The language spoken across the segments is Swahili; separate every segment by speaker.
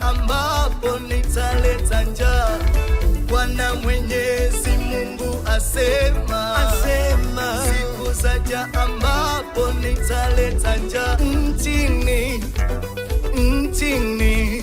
Speaker 1: ambapo nitaleta njaa. Bwana Mwenyezi Mungu asema,
Speaker 2: asema
Speaker 1: siku zaja ambapo nitaleta njaa nchini nchini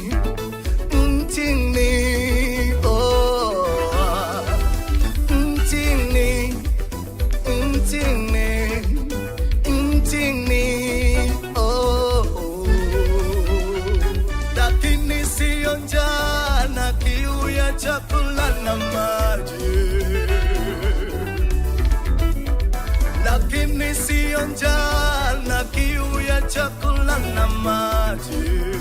Speaker 1: chakula na maji.